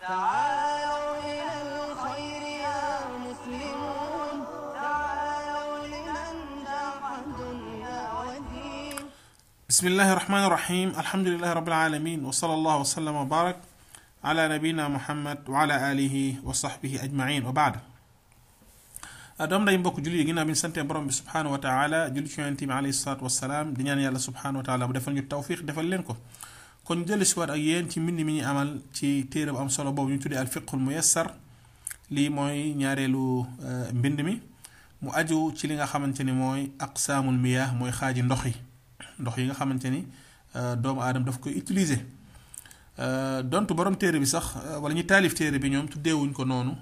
تعالوا إلى الخير يا مسلمون تعالوا لمن جاح الدنيا والدين بسم الله الرحمن الرحيم الحمد لله رب العالمين وصلى الله وسلم وبارك على نبينا محمد وعلى آله وصحبه أجمعين وبعد doom day mbokk julli yi ginnaaw bi ñu santee borom bi subhaanahu wa taala julli ci yonent bi alayhi salaatu wasalaam di ñaan yàlla subhaanahu wa bu defal ñu tawfiq defal leen ko kon jëlisiwaat ak yéen ci mbind mi ñu amal ci téere bu am solo boobu ñu tuddee al fiqhul muyassar lii mooy ñaareelu euh, mbind mi mu aju ci li nga xamante ni mooy aqsaamul miyaah mooy xaaji ndox yi ndox yi nga xamante ni euh, doomu aadama daf koy utiliser euh, dontu borom téere bi sax wala ñu taalif téere bi ñoom tuddeewuñ ko noonu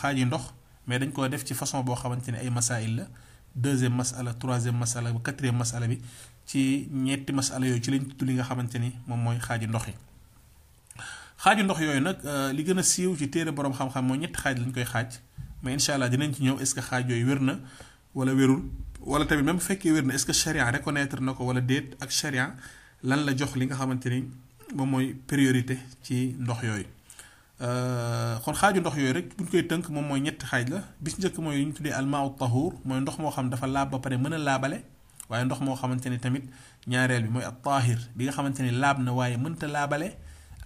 xaaji ndox mais dañ koo def ci façon boo xamante ni ay masail la deuxième masala troisième masala quatrième masala bi ci ñetti masala yooyu ci lañ tudd li nga xamante ni moom mooy xaaju ndox yi xaaju ndox yooyu nag euh, li gën a siiw ci téere borom xam-xam mooy ñetti xaaj lañ koy xaaj mais incha allah dinañ ci ñëw ce que xaaj yooyu wér na wala wérul wala tamit bu fekkee wér na est ce que charia reconnaître na ko wala déet ak charia lan la jox li nga xamante ni moom mooy priorité ci ndox yooyu euh, kon xaaju ndox yooyu rek buñ tënk moom mooy ñetti xaaj la bis njëkk mooy li ñu tuddee almaa tahur mooy ndox moo xam dafa laab ba pare mën a laabale waaye ndox moo xamante ni tamit ñaareel bi mooy ab taahir bi nga xamante ni laab na waaye mënta laabale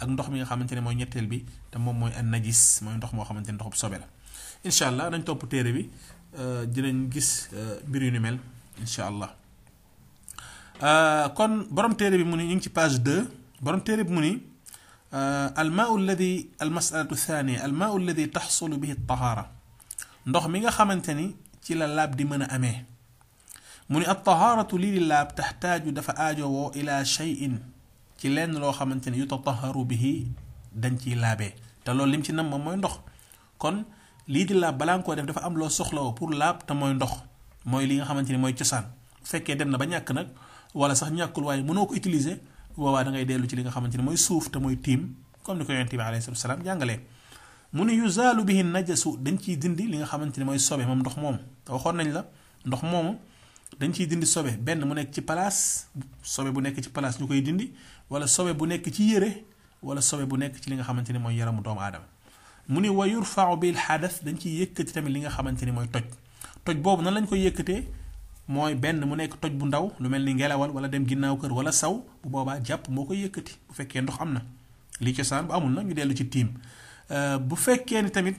ak ndox mi nga xamante ne mooy ñetteel bi te moom mooy an najis mooy ndox moo xamante ni ndoxub sobe la allah nañ topp téere bi euh, dinañ gis euh, mbir yu ni mel incha allah euh, kon borom téere bi mu ni ñu ngi ci page 2 borom téere bi mu ni almaau alladi almasalatu thania almaau alladi taxsulu bihi tahaara ndox mi nga xamante ni ci la laab di mën a amee mu ni at tahaaratu lii di laab taxtaaju dafa aajowoo ila shay'in ci lenn loo xamante ne yu bi bihi dañ ciy laabee te loolu lim ci nam moom mooy ndox kon lii di laab balaa koo def dafa am loo soxlawoo pour laab te mooy ndox mooy li nga xamante ne mooy cosaan fekkee dem na ba ñàkk nag wala sax ñàkkul waaye ko utiliser boobaa da ngay dellu ci li nga xamante ne mooy suuf te mooy tiim comme ni ko yonent bi alayhi salaatu salaam jàngalee. mu ne yuzaalu bihi dañ ciy dindi li xamante ne mooy sobe moom ndox moomu waxoon nañ la ndox moomu dañ ciy dindi sobe benn mu nekk ci palaas sobe bu nekk ci palaas ñu koy dindi wala sobe bu nekk ci yére wala sobe bu nekk ci li nga xamante ni mooy yaramu doomu aadama mu ni wa yurfau bil xadas dañ ciy yëkkati tamit li nga xamante ni mooy toj toj boobu nan lañ koy yëkkatee mooy benn mu nekk toj bu ndaw lu mel ni ngelawal wala dem ginnaaw kër wala saw bu boobaa jàpp moo koy yëkkati bu fekkee ndox am na li cosaan bu amul na ñu dellu ci tiim euh, bu fekkee ni tamit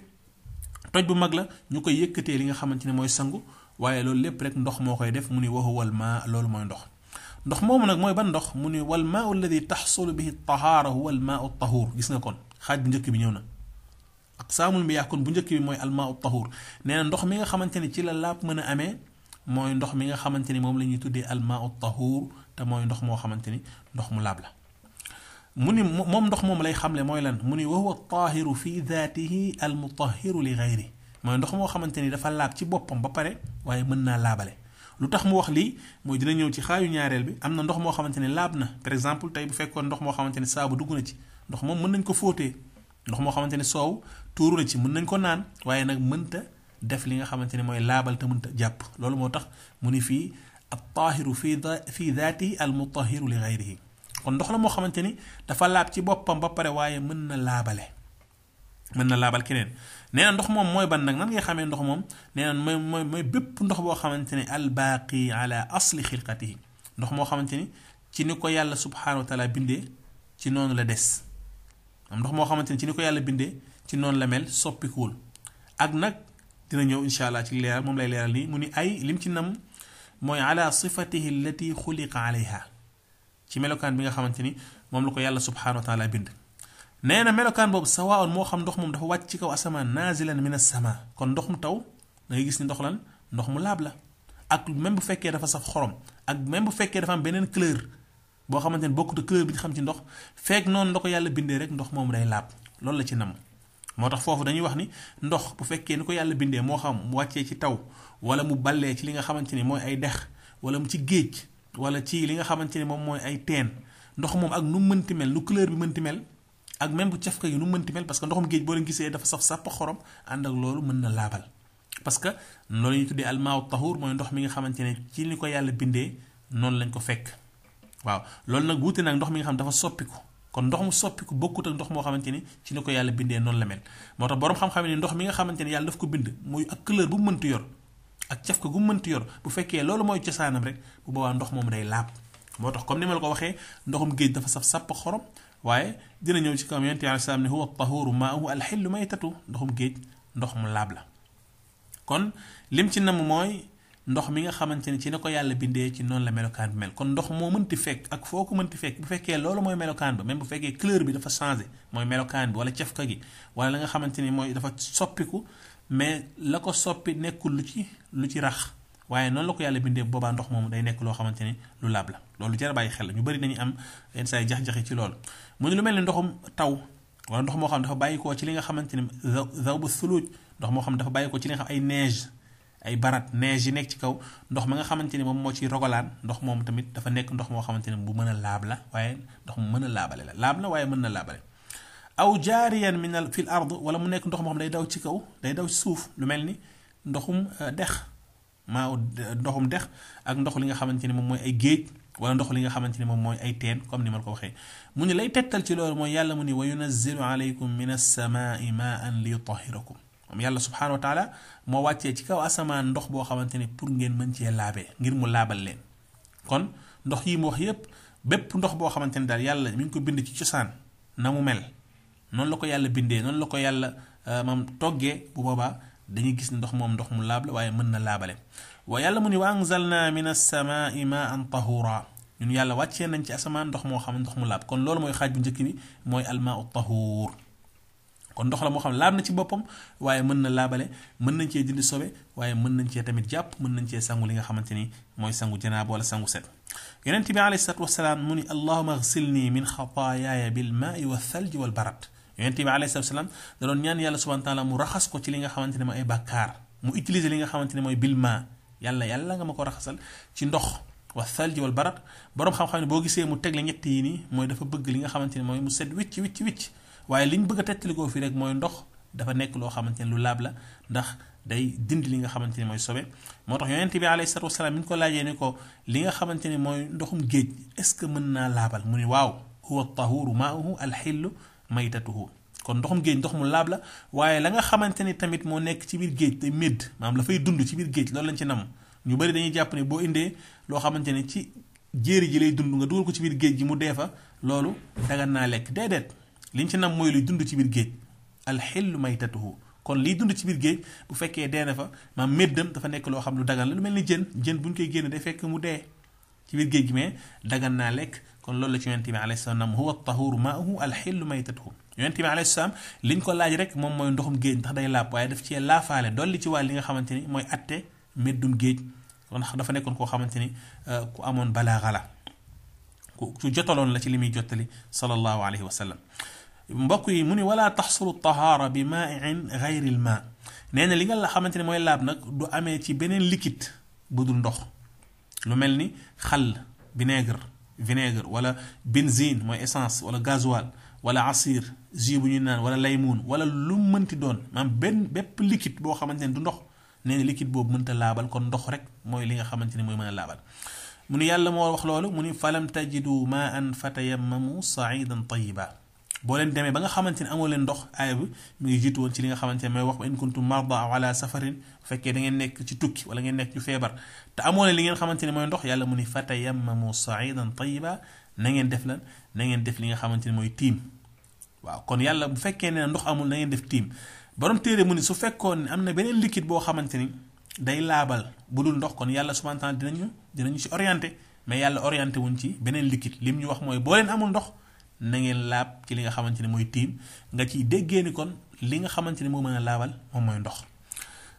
toj bu mag la ñu koy yëkkatee li nga xamante ni mooy sangu waaye loolu lépp rek ndox moo koy def mu ni wa huwa al loolu mooy ndox ndox moomu nag mooy ban ndox mu ni wal maau alladi taxsulu bihi tahaara huwa gis nga kon xaaj njëkk bi ñëw na aqsaamul miyaa kon bu njëkk bi mooy al maau tahuur nee ndox mi nga xamante ni ci la laab mën a amee mooy ndox mi nga xamante ni moom la tuddee al maau tahuur ndox moo xamante ni ndox mu laab la mu ndox moom lay xamle mooy lan mu ni wa huwa tahiru fi daatihi al li gayri mooy ndox moo xamante ni dafa laab ci boppam ba pare waaye mën naa laabale lu tax mu wax lii mooy dina ñëw ci xaayu ñaareel bi am na ndox moo xamante ne laab na par exemple tey bu fekkoon ndox moo xamante ne saabu dugg na ci ndox moom mën nañ ko fóotee ndox moo xamante ne soow tuuru na ci mën nañ ko naan waaye nag mënta def li nga xamante ne mooy laabal te mënta jàpp loolu moo tax mu ni fii attaahiru fi fi daatihi al mutahiru li gayrihi kon ndox la moo xamante ni dafa laab ci boppam ba pare waaye mën na laabale mën na laabal keneen nee na ndox moom mooy ban nag nan ngay xamee ndox moom nee mooy mooy bépp ndox boo xamante ne albaaqi ala asli xilqatihi ndox moo xamante ni ci ni ko yàlla subhanahu wa bindee ci noonu la des ndox moo xamante ni ci ni yàlla bindee ci noonu la mel soppikuwul ak nag dina ñëw incha allah ci leeral moom lay leeral nii mu ni ay lim ci nam mooy ala sifatihi allati bi nga xamante ni moom la ko yàlla subhanahu wa taala bind nee na melokaan boobu sawaawoon moo xam ndox moom dafa wàcc ci kaw asamaan naazilan mina sama kon ndox mu taw da gis ni ndox lan ndox mu laab la ak même bu fekkee dafa saf xorom ak même bu fekkee dafa beneen couleur boo xamante ne bokkut couleur bi ñu xam ci ndox fekk noonu la ko yàlla bindee rek ndox moomu day laab loolu la ci nam moo tax foofu dañuy wax ni ndox bu fekkee ni ko yàlla bindee moo xam mu wàccee ci taw wala mu ballee ci li nga xamante ni mooy ay dex wala mu ci géej wala ci li nga xamante ne moom mooy ay teen ndox moom ak nu mënti mel nu couleur bi mënti mel ak même bu cafka yi nu mënti mel parce ndoxum géej boo leen gisee dafa saf sàpp xorom ànd ak loolu mën na laabal parce que loolu ñu tuddee almaaw tahur mooy ndox mi nga xamante ne ci li ko yàlla bindee noonu lañ ko fekk waaw loolu nag wuute nag ndox mi nga xam dafa soppiku kon ndox mu soppiku bokkut ndox moo xamante ni ci li ko yàlla bindee noonu la mel moo tax boroom xam-xam ne mi nga xamante ne yàlla daf ko bind muy ak couleur mënti yor ak cafka gu mu mënti yor bu fekkee loolu mooy cosaanam rek bu boobaa ndox moom day laab moo tax comme ni ma la ko waxee ndoxum géej dafa saf sàpp xorom waaye dina ñëw ci kam yonent bi aleyhi salaam ne huwa tahuru maa'uhu alxillu maytatu ndoxum géej ndox mu laab la kon lim ci nam mooy ndox mi nga xamante ni ci ne ko yàlla bindee ci noonu la melokaan bi mel kon ndox moo mënti fekk ak foo ko mënti fekk bu fekkee loolu mooy melokaan ba même bu fekkee couleur bi dafa changé mooy melokaan bi wala cafka gi wala la nga xamante ni mooy dafa soppiku mais la ko soppi nekkul lu ci lu ci rax waaye noonu la ko yàlla bindee boobaa ndox moomu day nekk loo xamante ne lu laab la loolu jar bàyyi xel la ñu bëri nañu am yenn saa jax-jaxe ci loolu mu ne lu mel ne ndoxum taw wala ndox moo xam dafa bàyyi koo ci li nga xamante ne zaw ba suluuj ndox moo xam dafa bàyyi ci li ay neige ay barat neige yi nekk ci kaw ndox ma nga xamante ne moom moo ci rogalaan ndox moom tamit dafa nekk ndox moo xamante ne bu mën a laab la ndox mu mën a laabale la laab la waaye mën na laabale aw jaariyan min al fi l wala mu nekk ndox moo day daw ci kaw day daw ci suuf lu mel ni ndoxum euh, dex maa euh, ndoxum dex ak ndox li nga xamante ni moom mooy ay géej wala ndox li nga xamante ni moom mooy ay teen comme ni ma ko waxee mu ni lay tegtal ci loolu mooy yàlla mu ni wa yunazzilu alaykum min as-samaai maan li yutahirakum moom yàlla subhanahu wa moo wàccee ci kaw asamaan ndox boo xamante ni pour ngeen mën cee laabee ngir mu laabal leen kon ndox yii mu wax yépp bépp ndox boo xamante ni daal yàlla mi ngi ko bind ci cosaan na mu mel noonu la ko yàlla bindee noonu la ko yàlla euh, moom toggee bu boobaa dañuy gis ne ndox moom ndox mu laab la waaye mën na laabale wa yàlla mu ni wa anzalna min as-samaai maan tahura ñun yàlla wàccee nañ ci asamaan ndox moo xam ndox mu laab kon loolu mooy xaaj bu njëkk bi mooy almaau tahur kon ndox la moo xam laab na ci boppam waaye mën na laabale mën nañ cee dindi sobe waaye mën nañ cee tamit jàpp mën nañ cee sangu li nga xamante ni mooy sangu janaaba wala sangu set yonent bi alayhi salaatu wasalaam mu ni allahuma agsil nii min xataayaaya bilmaai wa thalji wal barad yonent bi alayhi salaam da doon ñaan yàlla subhaana ko ci li nga xamante ne mooy ay bàkkaar mu utiliser li nga xamante ne mooy bilma yàlla yàlla nga ma ko raxasal ci ndox wa thalji wal barat borom xam-xam ne boo gisee mu teg tegle ñett yi nii mooy dafa bëgg li nga xamante ne mooy mu set wicc wicc wicc waaye liñ bëgg a tettalikoo fii rek mooy ndox dafa nekk loo xamante ni lu laab la ndax day dindi li nga xamante ne mooy sobe moo tax yonent bi alayhi salaatu wasalaam mi laajee ne ko li nga xamante ne mooy ndoxum géej est-ce que mën naa laabal mu ne waaw huwa tahuru maauhu alxillu maytatuhu kon ndoxum géej ndox mu laab la waaye la nga xamante ni tamit moo nekk ci biir géej te médd maanaam la fay dund ci biir géej loolu lañ ci nam ñu bëri dañuy jàpp ne boo indee loo xamante ne ci jéeri ji lay dund nga dugal ko ci biir géej gi mu dee fa loolu dagan naa lekk déedéet liñ ci nam mooy luy dund ci biir géej alxillu maytatuhu kon liy dund ci biir géej bu fekkee dee na fa maam méddam dafa nekk loo xam lu dagan la lu mel ni jën jën bu ñu koy génne day fekk mu dee ci biir géej gi mais dagan naa lekk kon loolu la ci yonent bi alayhi salaam nam huwa at-tahuuru maa'uhu al-hillu maytatuhu yonent bi alayhi salaam liñ ko laaj rek moom mooy ndoxum géej ndax day laab waaye daf cee laafaale dolli ci wàll li nga xamante ni mooy atte meddum géej kon dafa nekkoon koo xamante ni euh, ku amoon balaaxa la ku ku jotaloon la ci li muy jottali sallallahu alayhi wa sallam mbokk yi mu ni wala taxsulu tahaara bi maain gayri l maa nee na li nga la xamante ne mooy laab nag du amee ci beneen liquide bu dul ndox lu mel ni xal vinaigre vinaigre wala benzine mooy essence wala gasoil wala asir jus bu ñuy naan wala laymuun wala lu mënti doon maam benn bépp liquide boo xamante ne du ndox nee liquide boobu mënta laabal kon ndox rek mooy li nga xamante ne mooy mën a laabal mu ni yàlla moo wax loolu mu ni falam tajidu ma an fatayammamu saidan tayiba boo leen demee ba nga xamante ne amoo leen ndox aaya bi mu ngi jiitu woon ci li nga xamante ne mooy wax ba in kuntum marda fekkee da nekk ci tukki wala ngeen nekk ñu feebar amoo leen li ngeen xamante ne mooy ndox yàlla mu ni fatayammamu saidan tayiba na ngeen def lan na ngeen def li nga xamante ne mooy tiim waaw yàlla bu fekkee ne ndox amul na ngeen def tiim borom téere mu ni su fekkoon ne am na beneen liquide boo xamante ni day laabal bu dul ndox kon yàlla subhanahu wa taala dinañu dinañu ci orienté mais yàlla orienté wuñ ci beneen liquide lim ñu wax mooy boo leen amul ndox na ngeen laab ci li nga xamante ne mooy tiim nga ci déggee ni kon li nga xamante ne moo mën a laabal moom mooy ndox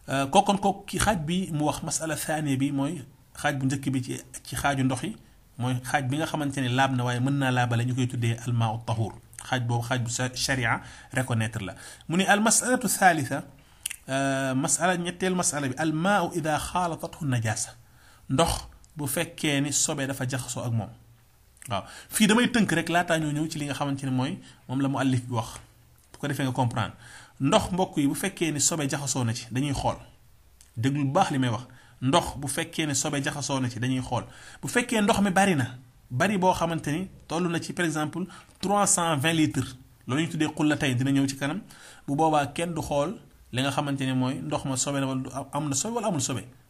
euh, kookoon ko ki xaaj bi mu wax masala saane bi mooy xaaj bu njëkk bi ci ci xaaju ndox yi mooy xaaj bi nga xamante ne laab na waaye mën naa laabal ñu koy tuddee almaau tahur xaaj boobu xaaj bu sharia reconnaître la mu ne al masalatu thalitha euh, masala ñetteel masala bi al maau ida xaalatathu najaasa ndox bu fekkee ni sobee dafa jaxasoo ak moom waaw fii damay tënk rek laataa ñoo ñëw ci li nga xamante ne mooy moom la mu àllif bi wax bu ko defee nga comprendre ndox mbokk yi bu fekkee ni sobe jaxasoo na ci dañuy xool déglu bu baax li may wax ndox bu fekkee ne sobe jaxasoo na ci dañuy xool bu fekkee ndox mi bari na bari boo xamante ni toll na ci par exemple trois cent vingt litres loolu ñu tuddee xul la tey dina ñëw ci kanam bu boobaa kenn du xool li nga xamante ne mooy ndox ma sobe na wala am na sobe wala amul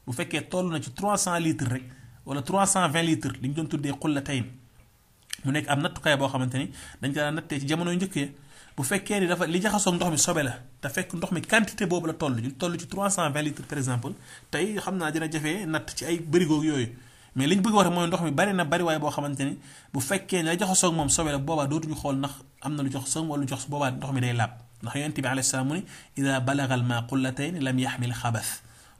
bu fekkee toll na ci trois cent litres rek wala trois cent vingt li ñu doon tuddee xul la tey mu nekk am nattukaay boo xamante ni dañ ko daan nattee ci jamono njëkk yi bu fekkee ni dafa li jaxasoo ndox mi sobe la te fekk ndox mi quantité boobu la toll ñu toll ci 320 litres par exemple tey xam naa dina jafee natt ci ay bërigoog yooyu mais li bëgg wax mooy ndox mi bari na bariwaay boo xamante ni bu fekkee ne la jaxasoo moom sobe la boobaa xool ndax am na lu jaxasoo wala lu boobaa ndox mi day laab ndax yonent bi alayhi salaam mu ni ida balagal ma qullatayn lam yaxmil xabas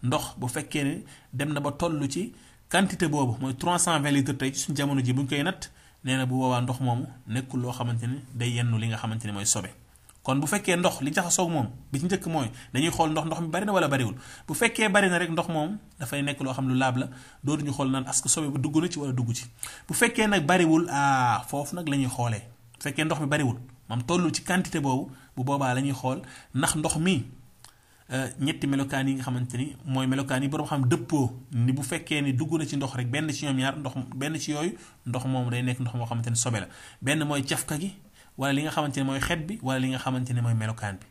ndox bu fekkee ne dem na ba toll ci quantité boobu mooy 320 litres tey ci suñu jamono ji buñ koy natt nee na bu boobaa ndox moomu nekkul loo xamante ne day yennu li nga xamante ne mooy sobe kon bu fekkee ndox li jaxasoog moom bi ci njëkk mooy dañuy xool ndox ndox mi bari na wala bariwul bu fekkee bari na rek ndox moom dafay nekk loo xam lu laab la dootuñu xool naan est que sobe bu dugg na ci wala dugg ci bu fekkee nag bariwul ah foofu nag la ñuy xoolee bu fekkee ndox mi bariwul moom tollu ci quantité boobu bu boobaa lañuy xool ndax ndox mi Euh, ñetti melokaan yi nga xamante ni mooy melokaan yi borom xam dëppoo ni bu fekkee ni dugg na ci ndox rek benn ci ñoom ñaar ndox benn ci yooyu ndox moom day nekk ndox moo xamante ni sobe la benn mooy cafka gi wala li nga xamante ne mooy xet bi wala li nga xamante ne mooy melokaan bi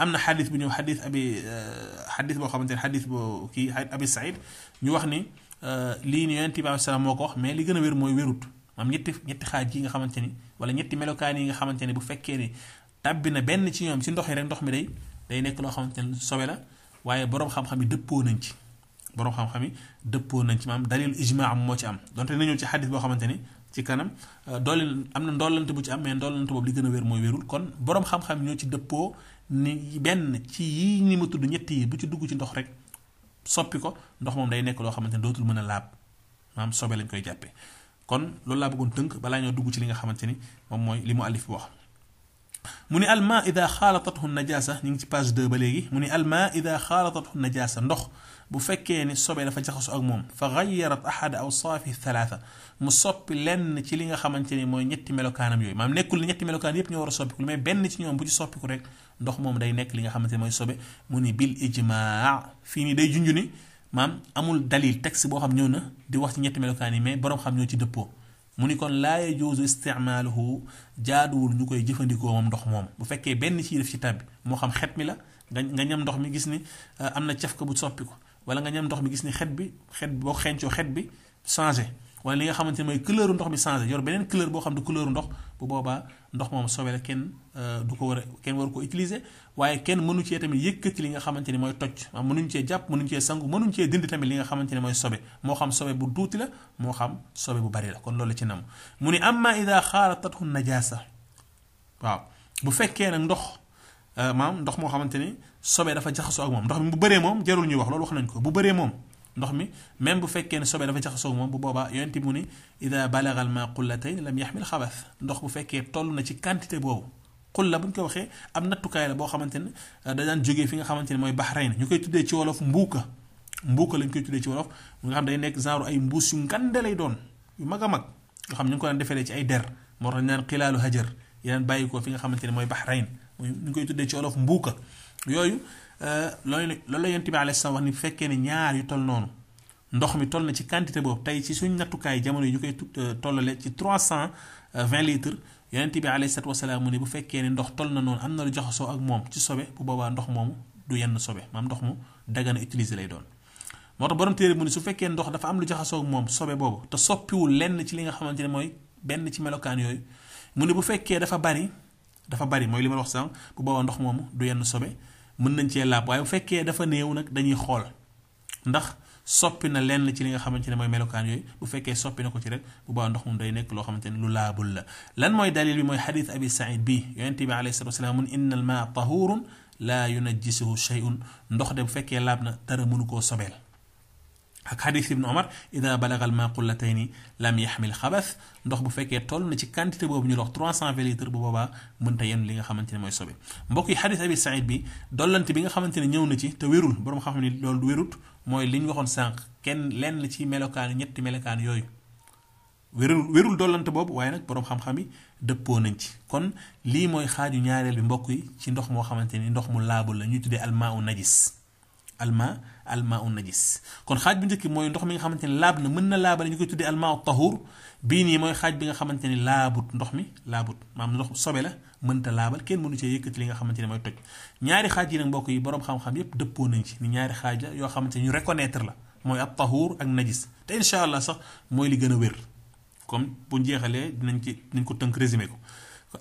am na xadis bu ñëw xadis abi euh, xadis boo xamante ne xadis boo kii abi saïd ñu wax ni euh, lii ni yonent bi moo ko mais li gën a wér mooy wérut maam ñetti ñetti xaaj yi nga xamante ni wala ñetti melokaan yi nga xamante ne bu fekkee ni tàbbi na benn ci ñoom yi rek ndox mi day day nekk loo xamante ne sobe la waaye borom xam-xam yi dëppoo nañ ci borom xam-xam yi dëppoo nañ ci maam dalil ijmaa am moo ci am donte na ci xadis boo xamante ni ci kanam euh, doole am na bu ci am mais li gën a wér mooy wérul kon borom xam ñoo ci dëppoo ni benn ci ni ma tudd ñett bu ci dugg ci ndox rek soppi ko ndox moom day nekk loo xamante ni dootul mën a laab maam sobe lañ koy jàppe kon loolu laa bëggoon tënk balaa ñoo dugg ci li nga xamante ni moom mooy li mu fi wax mu ni alma ida xaalatathu najaasa ñu ngi ci page 2 ba léegi mu ni alma ida xaalatathu najaasa ndox bu fekkee ni sobee dafa jaxasoo ak moom fa gayarat ahada awsaafi thalaatha mu soppi lenn ci li nga xamante ni mooy ñetti melokaanam yooyu maam nekkul ñetti melokaan yëpp ñoo war a benn ci ñoom bu ci soppiku rek ndox moom day nekk li nga xamante mooy sobe mu ni bil ijmaa fii nii day junj ni maam amul dalil texte boo xam ñëw na di wax ci ñetti melokaan yi mais borom xam ñoo ci dëppoo mu ni kon laa yajuuzu isticmaaluhu jaaduwul ñu koy jëfandikoo moom ndox moom bu fekkee benn ci def ci tàbbi moo xam xet mi la nga nga ñam ndox mi gis ni euh, am na caf ko bu soppi ko wala nga ñam ndox mi gis ni xet bi xet boo xeeñcoo xet bi changé wala li nga xamante ne mooy couleur ndox bi changé yor beneen couleur boo xam ne couleur ndox bu boobaa ndox moom sobe la kenn euh, du ko war a kenn war ko utiliser waaye kenn mënu cee tamit yëkkati li nga xamante ni mooy toj waaw mënuñ cee jàpp mënuñ cee sangu mënuñ cee dindi tamit li nga xamante mooy sobe moo xam sobe bu duuti la moo xam sobe bu bari la kon loolu la ci nam mu ni amma ida xaalatathu najaasa waaw bu fekkee nag ndox euh, maam ndox moo xamante ni sobe dafa jaxasoo ak moom ndox mi bu bëree moom jarul ñuy wax loolu wax nañ ko bu bëree moom ndox mi même bu fekkee ne sobe dafa jaxasoo moom bu boobaa yonent mu ni ida balagal ma qullatayn lam yaxmil xabas ndox bu fekkee toll na ci quantité boobu qulla bu ñu ko waxee am nattukaay la boo xamante ne euh, da daan jógee fi nga xamante ne mooy Bahrain ñu koy tuddee ci wolof mbuuka mbuuka lañ koy tuddee ci wolof mu day nekk genre ay mbuus yu ngande lay doon yu mag a mag nga xam ñu ngi ko daan defaree ci ay der moo tax ñu naan xilaalu hajar yeneen bàyyi ko fi nga xamante ne mooy Bahrain ñu koy tuddee ci wolof mbuuka yooyu Euh, loolu loolu la yonent bi alayhi salaam wax ni fekkee ne ñaar yu toll noonu ndox mi toll na ci quantité boobu tey ci suñ nattukaay jamono yi ñu koy euh, tollale ci trois cent vingt litres yonent bi alayhi salaatu wasalaam mu ne bu fekkee ne ndox toll na noonu am na lu joxasoo ak moom ci sobe bu boobaa ndox moomu du yenn sobe maam ndox mu dagan a utiliser lay doon. moo tax borom téere mu su fekkee ndox dafa am lu jaxasoo ak moom sobe boobu te soppiwul lenn ci li nga xamante ne mooy benn ci melokaan yooyu mu ne bu fekkee dafa bari dafa bari mooy li ma wax sànq bu boobaa ndox moomu du yenn sobe. mën nañ cee laab waaye bu fekkee dafa néew nag dañuy xool ndax soppi na lenn ci li nga xamante ne mooy melokaan yooyu bu fekkee soppi na ko ci rek bu baax ndox moom day nekk loo xamante ne lu laabul la lan mooy dalil bi mooy xadis abi said bi yonente bi alayhi salatu wasalaam mun inna al maa tahurun laa yunajjisuhu shay'un ndox de bu fekkee laab na dara mënu koo sobeel ak xadis ibnu omar ida la ma qullatayni lam yaxmil xabas ndox bu fekkee toll na ci quantité boobu ñu lox 300 litres bu boobaa mënta yenn li nga xamante ne mooy sobe mbokk yi xadis abi saïd bi dollante bi nga xamante ne ñëw na ci te wérul borom xam ne loolu wérut mooy li ñu waxoon sànq kenn lenn ci melokaan ñetti melokaan yooyu wérul wérul dollante boobu waaye nag borom xam-xam yi dëppoo nañ ci kon lii mooy xaaj ñaareel bi mbokk yi ci ndox moo xamante ni ndox mu laabul la ñuy tuddee almaa u najis almaa almaa un najis kon xaaj bu njëkk mooy ndox mi nga xamante ni laab na mën na laabale ñu koy tuddee almaa u tahur bii xaaj bi nga xamante ni laabut ndox mi laabut maam ndox sobe la mënta laabal kenn mënu cee yëkkati li nga xamante ni mooy toj ñaari xaaj yi mbokk yi borom xam-xam dëppoo nañ ci ñaari xaaj yoo xamante ni ñu la mooy ab tahur ak najis te incha allah sax mooy li gën a wér comme bu jeexalee dinañ ci dinañ ko tënk résumé ko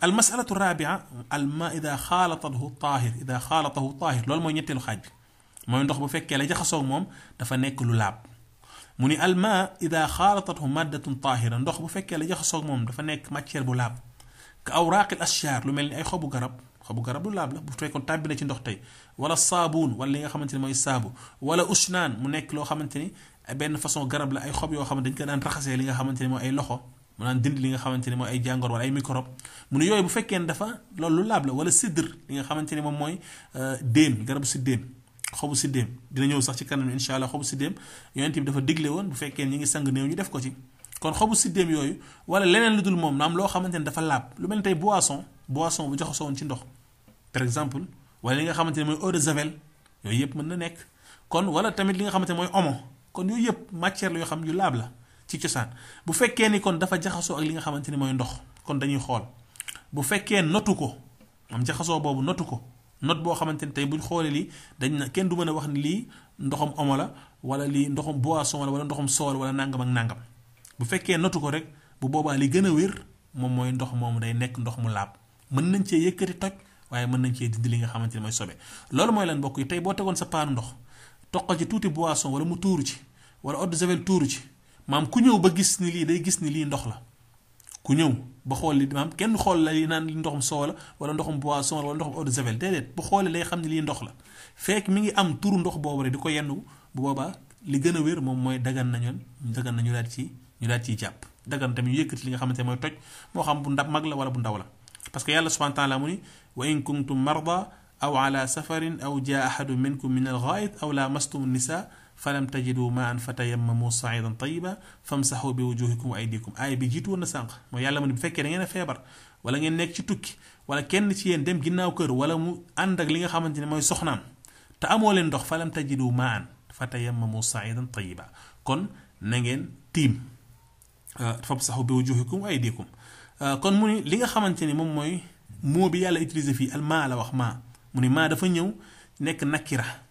al masalatu rabia al ma ida xaalatahu taahir ida xaalatahu taahir loolu mooy ñetteelu xaaj bi mooy ndox bu fekkee la jaxasoog moom dafa nekk lu laab mu ni alma ida xaalatathu maddatun taahira ndox bu fekkee la jaxasoog moom dafa nekk matière bu laab ka awraaqil ashjar lu mel ni ay xobu garab xobu garab lu laab la bu fekkoon tàbbi na ci ndox tey wala saabuun wala li nga xamante ni mooy saabu wala usnaan mu nekk loo xamante ni benn façon garab la ay xob yoo xamante dañ ko daan raxasee li nga xamante ni mooy ay loxo mu naan dindi li nga xamante ni mooy ay jàngoor ay microbe mu ne yooyu bu fekkee ne dafa loolu lu wala sidr li nga xamante ni moom mooy euh, déem garabu si déem xobu siddéem dina ñëw sax ci kanam incha allah xobu siddéem yonent bi dafa digle woon bu fekkee ñi ngi sang néew ñu def ko ci kon xobu siddéem yooyu wala leneen lu dul moom na am loo xamante ni dafa laab lu mel ni tey boisson boisson bu joxasoo woon ci ndox par exemple wala li nga xamante ne mooy eau de javel yooyu yëpp mën na nekk kon wala tamit li nga xamante ne mooy omo kon yooyu yëpp matière la yoo xam yu laab la ci cosaan bu fekkee kon dafa jaxasoo ak li nga xamante ne mooy ndox kon dañuy xool bu fekkee notu ko moom jaxasoo boobu notu ko not boo xamante ni tey buñ xoolee lii dañ na kenn du mën a wax ni lii ndoxum omo la wala lii ndoxam boisson la wala ndoxam sool wala nangam ak nangam bu fekkee notu ko rek bu boobaa li gën a wér moom mooy ndox moomu day nekk ndox mu laab mën nañ cee yëkkati toj waaye mën nañ cee dindi li nga xamante ni mooy sobe loolu mooy lan mbokk yi tey boo tegoon sa paanu ndox toqal ci tuuti boisson wala mu tuuru ci wala eau de javel tuuru ci maam ku ñëw ba gis ni lii day gis ni lii ndox la ku ñëw ba xool li maam kenn xool la li naan li ndoxum soow la wala ndoxum boisson la wala ndoxum eau de javel déedéet bu xoolee day xam ne lii ndox la fekk mi ngi am turu ndox boobu rek di ko yenn bu boobaa li gën a wér moom mooy dagan nañoon dagan nañu daal ci ñu daal ci jàpp dagan tamit ñu yëkkati li nga xamante mooy toj moo xam bu ndab mag la wala bu ndaw la parce que yàlla subhanahu wa taala mu ni wa in kuntum marda aw ala safarin aw jaa ahadu minkum min al ghaid aw laa falam tajidu ma an fa tayammamu saidan tayiba famsaxu bi wujuhikum wa aydikum aay bi jiitu woon na sànq mooy yàlla mu ne bu fekkee a wala ngeen nekk ci tukki wala kenn ci yéen dem ginnaaw kër wala mu ànd ak li nga xamante ne mooy soxnaam te amoo leen ndox falam tajidu ma an fa tayammamu saidan tayiba kon na ngeen tiim euh, famsaxu bi wujuhikum wa aydikum euh, kon mu ni li nga xamante ni moom mooy moo bi yàlla utilisé fii al la wax maa mu ni maa dafa ñëw nekk nakira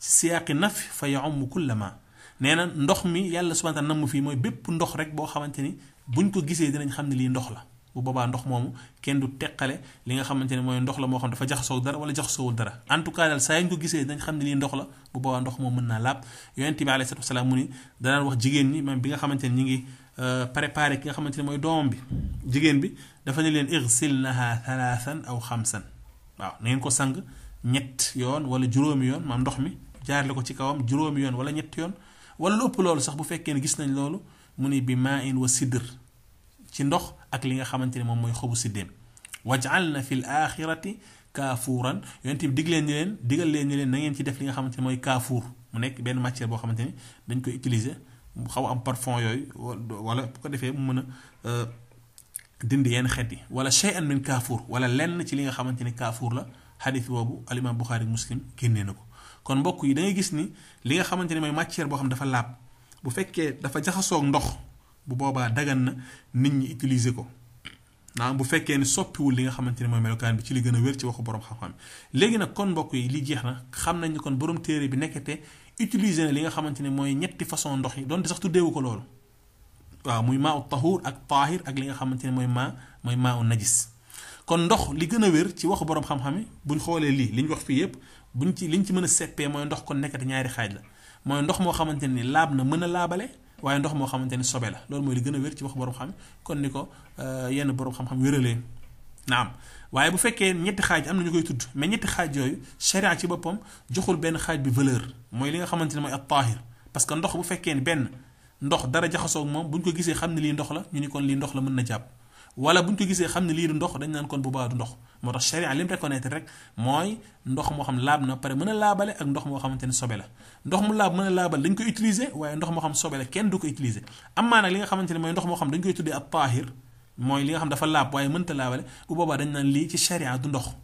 ci siyaaqi nafi fa yaomm kulla ma nee na ndox mi yàlla subhaanahu wa taala namm fii mooy bépp ndox rek boo xamante ni buñ ko gisee danañ xam ne lii ndox la bu boobaa ndox moomu kenn du teqale li nga xamante ne mooy ndox la moo xam dafa jaxasoo dara wala jaxasoowul dara en tout cas daal saa gisee dañ xam ne lii ndox la bu boobaa ndox moom mën naa laab yonent bi alayhi salaatu wasalaam mu ni danaan wax jigéen ñi même bi nga xamante ne ñi ngi euh, préparé ki nga xamante ne mooy doom bi jigéen bi dafa ne leen igsilnaha thalathan aw xamsan waaw na ko sang ñett yoon wala juróomi yoon maam ndox mi jaarle ko ci kawam juróomi yoon wala ñetti yoon wala lu ëpp loolu sax bu fekkee ne gis nañ loolu mu ni bi maa in wa sidr ci ndox ak li nga xamante ne moom mooy xobu siddéem wajal na fi l axirati kaafuuran yonent bi dig leen ni digal leen ni leen na ngeen ci def li nga xamante ne mooy kaafuur mu nekk benn matière boo xamante ni dañ koy utiliser mu xaw am parfum yooyu wala bu ko defee mu mën a euh, dindi yenn xeet yi wala shay'an min kaafuur wala lenn ci li nga xamante ni kaafuur la xadis boobu alimaam Buxaari muslim génnee na ko kon mbokk yi dangay gis ni li nga xamante ne mooy matière boo xam dafa laab bu fekkee dafa jaxasoog ndox bu boobaa dagan na nit ñi utiliser ko naam bu fekkee ne soppiwul li nga xamante ne mooy melokaan bi ci li gën a wér ci waxu borom xam-xam léegi nag kon mbokk yi li jeex na xam nañ ni kon borom téere bi nekkete utiliser na li nga xamante ni mooy ñetti façon ndox yi doonte sax tuddeewu ko loolu waaw muy maa u ak taahir ak li nga xamante ne mooy maa mooy maa u najis kon ndox li gën a wér ci waxu borom xam-xam yi buñ xoolee lii liñ wax fii yëpp buñ ci liñ ci mën a seppee mooy ndox kon nekkati ñaari xaaj la mooy ndox moo xamante ni laab na mën a laabale waaye ndox moo xamante ni sobe la loolu mooy li gën a wér ci wax borom xam kon ni ko euh, yenn borom xam-xam wéralee naam waaye bu fekkee ñetti xaaj am na ñu koy tudd mais ñetti xaaj yooyu sharia ci boppam joxul benn xaaj bi valeur mooy li nga xamante ne mooy at taahir parce que ndox bu fekkee ni benn ndox dara jaxasoo ak moom buñ ko gisee xam ne lii ndox la ñu ni kon lii ndox la mën na jàpp wala bu ñu ko gisee xam ne lii du ndox dañ naan kon bu baax du ndox moo tax sharia li mu rek mooy ndox moo xam laab na pare mën a laabale ak ndox moo xamante ne sobe la ndox mu laab mën a koy utiliser waaye ndox moo xam sobe kenn du ko utiliser amaa nag li nga xamante ne moo xam dañ koy tuddee li nga xam dafa laab waaye mënta laabale bu boobaa dañ naan lii ci sharia du ndox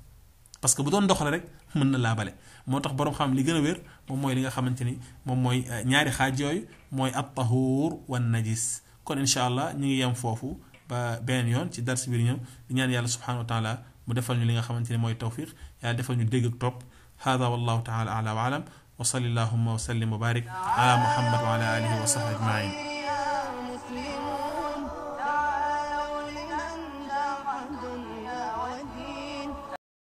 parce que bu doon ndox la rek mën na laabale moo tax borom xam li gën a wér moom mooy li nga xamante ni moom mooy eh, ñaari xaaj yooyu mooy at tahuur wan najis kon incha allah ñu ngi yem foofu ba beneen yoon ci dars bi ñëw di ñaan yàlla subhanahu wa taala mu defal ñu li nga xamante ne mooy tawfiq yàlla defal ñu dégg ak topp hada wallahu taala ala wa alam wa salli allahumma wa sallim wa barik ala muhammad wa ala alihi wa sahbi ajmain